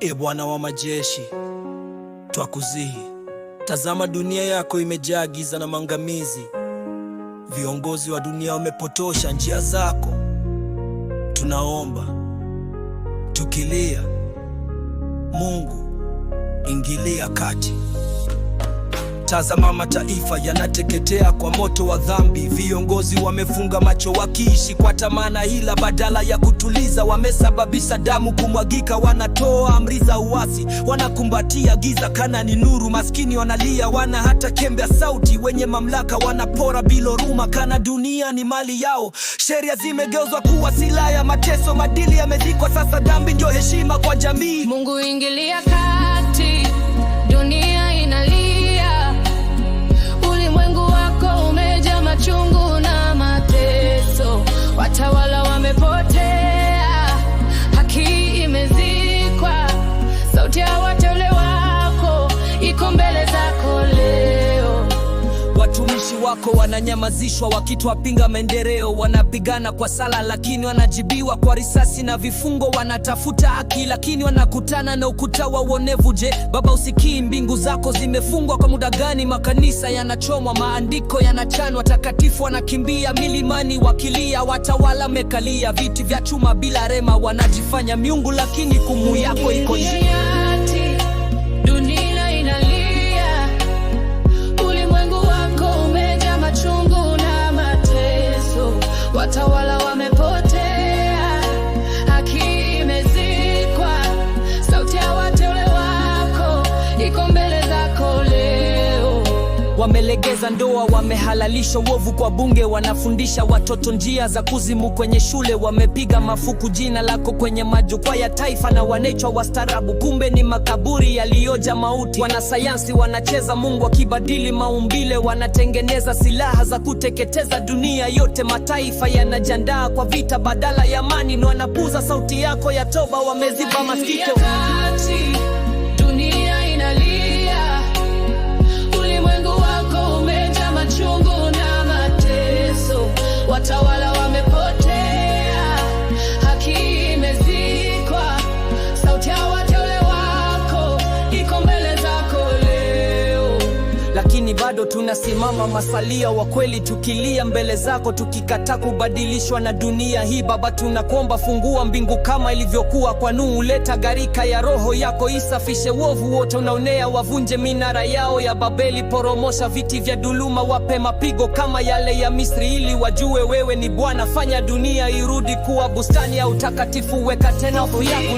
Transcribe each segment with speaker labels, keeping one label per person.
Speaker 1: E Bwana wa majeshi, twakusihi. Tazama, dunia yako imejaa giza na mangamizi Viongozi wa dunia wamepotosha njia zako. Tunaomba tukilia, Mungu ingilia kati. Tazama, mataifa yanateketea kwa moto wa dhambi. Viongozi wamefunga macho wakiishi kwa tamana hila badala ya kutuliza. Wamesababisha damu kumwagika, wanatoa amri za uasi, wanakumbatia giza kana ni nuru. Maskini wanalia, wana hata kembea sauti. Wenye mamlaka wanapora bila huruma, kana dunia ni mali yao. Sheria zimegeuzwa kuwa silaha ya mateso, madili yamezikwa, sasa dhambi ndio heshima kwa jamii.
Speaker 2: Mungu, ingilia kati dunia
Speaker 1: wako wananyamazishwa, wakitwapinga maendeleo. Wanapigana kwa sala, lakini wanajibiwa kwa risasi na vifungo. Wanatafuta haki, lakini wanakutana na ukuta wa uonevu. Je, Baba usikii? Mbingu zako zimefungwa kwa muda gani? Makanisa yanachomwa, maandiko yanachanwa, takatifu wanakimbia milimani wakilia. Watawala mekalia viti vya chuma bila rema, wanajifanya miungu, lakini kumu yako iko
Speaker 2: love wame
Speaker 1: Wamelegeza ndoa, wamehalalisha uovu kwa bunge, wanafundisha watoto njia za kuzimu kwenye shule, wamepiga mafuku jina lako kwenye majukwaa ya taifa, na wanaitwa wastarabu, kumbe ni makaburi yaliyoja mauti. Wanasayansi wanacheza Mungu akibadili maumbile, wanatengeneza silaha za kuteketeza dunia yote. Mataifa yanajiandaa kwa vita badala ya amani, wanapuza sauti yako ya toba, wameziba masikio watawala wa lakini bado tunasimama masalia wa kweli, tukilia mbele zako, tukikataa kubadilishwa na dunia hii. Baba, tunakuomba fungua mbingu kama ilivyokuwa kwa Nuhu, leta gharika ya roho yako, isafishe uovu wote unaonea, wavunje minara yao ya Babeli, poromosha viti vya dhuluma, wape mapigo kama yale ya Misri, ili wajue wewe ni Bwana. Fanya dunia irudi kuwa bustani ya utakatifu, weka tena hofu yako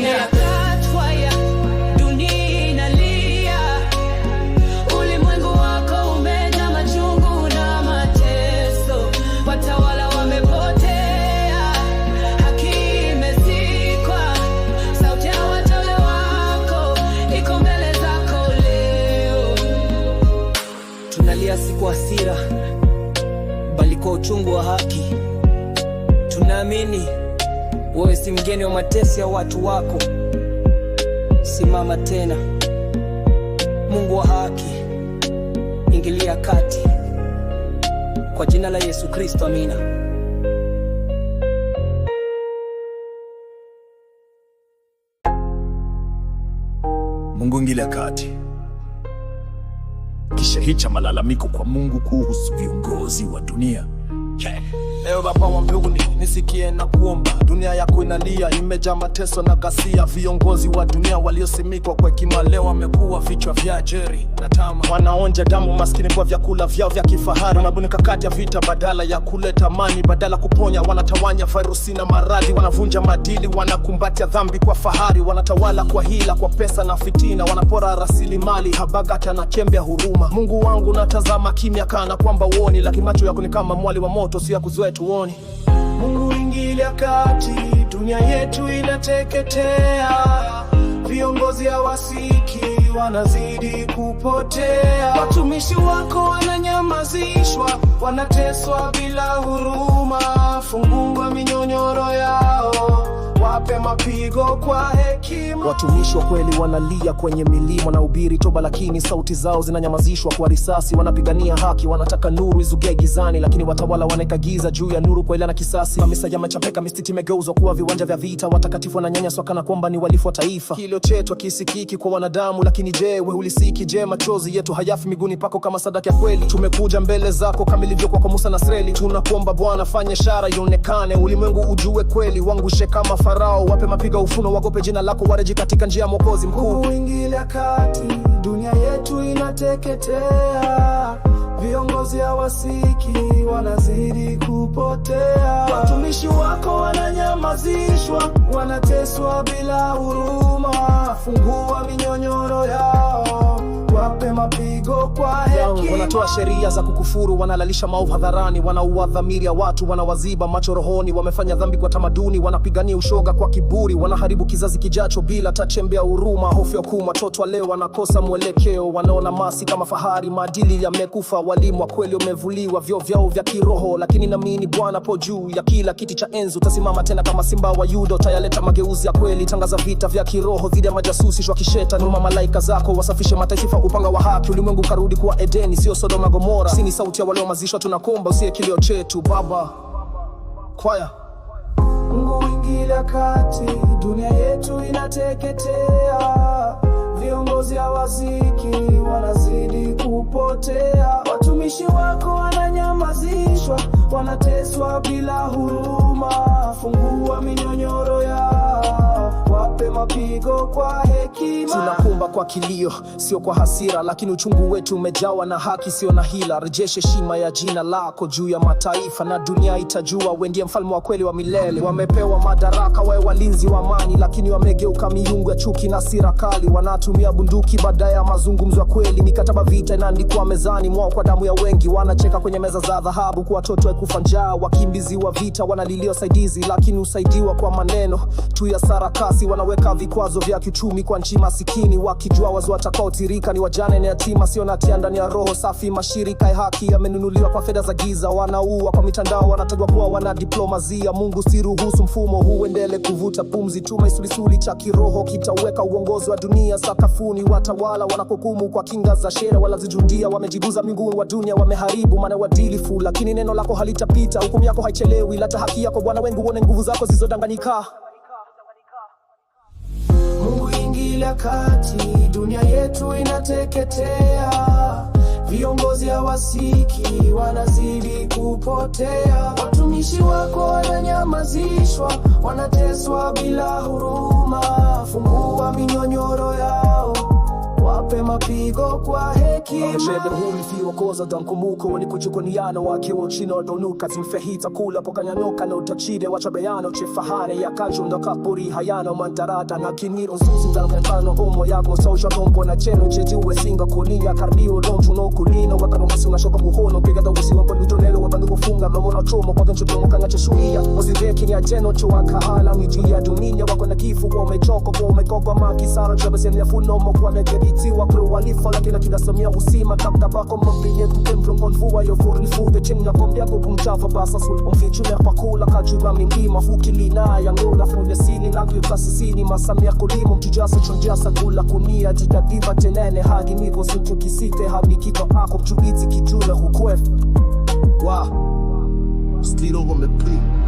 Speaker 1: kwa hasira, bali kwa uchungu wa haki. Tunaamini wewe si mgeni wa mateso ya watu wako. Simama tena, Mungu wa haki, ingilia kati, kwa jina la Yesu Kristo, amina. Mungu ingilia kati kisha hicha malalamiko kwa Mungu kuhusu viongozi wa dunia. Ewe baba wa mbinguni, nisikie na kuomba. Dunia yako inalia, imejaa mateso na ghasia. Viongozi wa dunia waliosimikwa kwa hekima leo wamekuwa vichwa vya ajeri na tama. Wanaonja damu maskini kwa vyakula vyao vya kifahari. Wanabuni kakati ya vita badala ya kuleta amani, badala kuponya wanatawanya virusi na maradhi. Wanavunja madili, wanakumbatia dhambi kwa fahari. Wanatawala kwa hila, kwa pesa na fitina. Wanapora rasilimali, Habagata na chembe ya huruma. Mungu wangu, natazama kimya kana kwamba uoni, lakini macho yako ni kama mwali wa moto, si ya kuzoea hatuoni.
Speaker 2: Mungu ingilia kati, dunia yetu inateketea, viongozi hawasiki wanazidi kupotea, watumishi wako wananyamazishwa, wanateswa bila huruma. mapigo kwa hekima.
Speaker 1: Watumishi wa kweli wanalia kwenye milima, ubiri toba, lakini sauti zao zinanyamazishwa kwa risasi. Wanapigania haki, wanataka nuru izuge gizani, lakini watawala wanaweka giza juu ya nuru kwa na kisasi. Mamisa yamechapeka, mistiti imegeuzwa kuwa viwanja vya vita, watakatifu wananyanyaswa kana kwamba ni walifu wa taifa. Kilio chetu hakisikiki kwa wanadamu, lakini je, we hulisiki? Je, machozi yetu hayafi miguuni pako kama sadaka ya kweli? Tumekuja mbele zako kama ilivyokuwa kwa Musa na Israeli, tunakuomba Bwana, fanya ishara ionekane, ulimwengu ujue kweli, wangushe kama Farao mapema, piga ufuno, wagope jina lako, wareji katika njia ya mwokozi mkuu.
Speaker 2: Uingilia kati, dunia yetu inateketea, viongozi hawasiki wanazidi kupotea, watumishi wako wananyamazishwa, wanateswa bila huruma, fungua minyonyoro yao tuwape mapigo kwa hekima.
Speaker 1: Wanatoa sheria za kukufuru, wanalalisha maovu hadharani, wanaua dhamiri ya watu, wanawaziba macho rohoni, wamefanya dhambi kwa tamaduni, wanapigania ushoga kwa kiburi, wanaharibu kizazi kijacho bila tachembea huruma. Hofu ya kuumwa, watoto leo wanakosa mwelekeo, wanaona masi kama fahari, maadili yamekufa, walimu wa kweli wamevuliwa vyo vyao vya kiroho. Lakini naamini Bwana po juu ya kila kiti cha enzi, utasimama tena kama simba wa Yuda, tayaleta mageuzi ya kweli. Tangaza vita vya kiroho dhidi ya majasusi wa kishetani, malaika zako wasafishe mataifa upanga wa haki, ulimwengu karudi kuwa Edeni, sio Sodoma Gomora. sini ni sauti ya waliomazishwa, tunakomba usiye kilio chetu Baba. Kwaya.
Speaker 2: Mungu kati, dunia yetu inateketea, viongozi waziki wanazidi kupotea, watumishi wako wananyamazishwa wanateswa bila huruma. Fungua minyonyoro ya wape mapigo kwa hekima.
Speaker 1: Tunakumba kwa kilio, sio kwa hasira, lakini uchungu wetu umejawa na haki, sio na hila. Rejeshe heshima ya jina lako juu ya mataifa, na dunia itajua wewe ndiye mfalme wa kweli wa milele. Wamepewa madaraka wawe walinzi wa amani, lakini wamegeuka miungu ya chuki na sira kali. Wanatumia bunduki baada ya mazungumzo ya kweli. Mikataba vita inaandikwa mezani mwao kwa damu ya wengi, wanacheka kwenye meza za dhahabu kwa watoto wamekufa njaa, wakimbizi wa vita wanalilia usaidizi, lakini husaidiwa kwa maneno tu ya sarakasi. Wanaweka vikwazo vya kiuchumi kwa nchi masikini, wakijua wazo watakaotirika ni wajane na yatima, sio na tia ndani ya roho safi. Mashirika ya haki yamenunuliwa kwa fedha za giza, wanaua kwa mitandao, wanatajwa kuwa wana diplomazia. Mungu, siruhusu mfumo huu endele kuvuta pumzi. tuma isulisuli cha kiroho kitaweka uongozi wa dunia sakafuni. Watawala wanakokumu kwa kinga za shera walazijudia, wamejiguza miguu wa dunia, wameharibu maana wadilifu lakini neno lako halitapita, hukumu yako haichelewi, leta haki yako Bwana wengu, uone nguvu zako zilizodanganyika
Speaker 2: Mungu ingilia kati, dunia yetu inateketea, viongozi hawasiki, wanazidi kupotea, watumishi wako wananyamazishwa, wanateswa bila huruma, fungua minyonyoro yao Wape mapigo kwa hekima,
Speaker 1: damkumbuko walikuchukuniana wakiwa uchina wadonuka zimfehita kula pokanyanuka na utachire wachabeyano chifahare yakajunda kapuri hayano mantarata na kiniro nzuzindangancano omo yako sousha bombo na cheno chejiwe singa kulia karbio lonchuno kulino wakaromasungashoka muhono pigadagusiwa palutonelo wakandukufunga mamona chomo kwakanchutomokanga cheshuia ozivekinya cheno chuwakaala miji ya dunia wakona kifu womechoko komekogwa makisara chabesenyafunomo kwanekeiti Siwa kruwali fala tila tila samia usima Tap tabako mabinye kutem vrungon fuwa Yo furi fude chinga kombia gubum chava basa sul Umfichuler pakula kajura mingi mafukilina Yangola fulesini langyo tasisini Masamia kulimu mtujasa chonjasa kula kunia Jitadiva tenene hagi migo sinchukisite Habikito ako mchuizi kichule hukwef Wow stilo over me,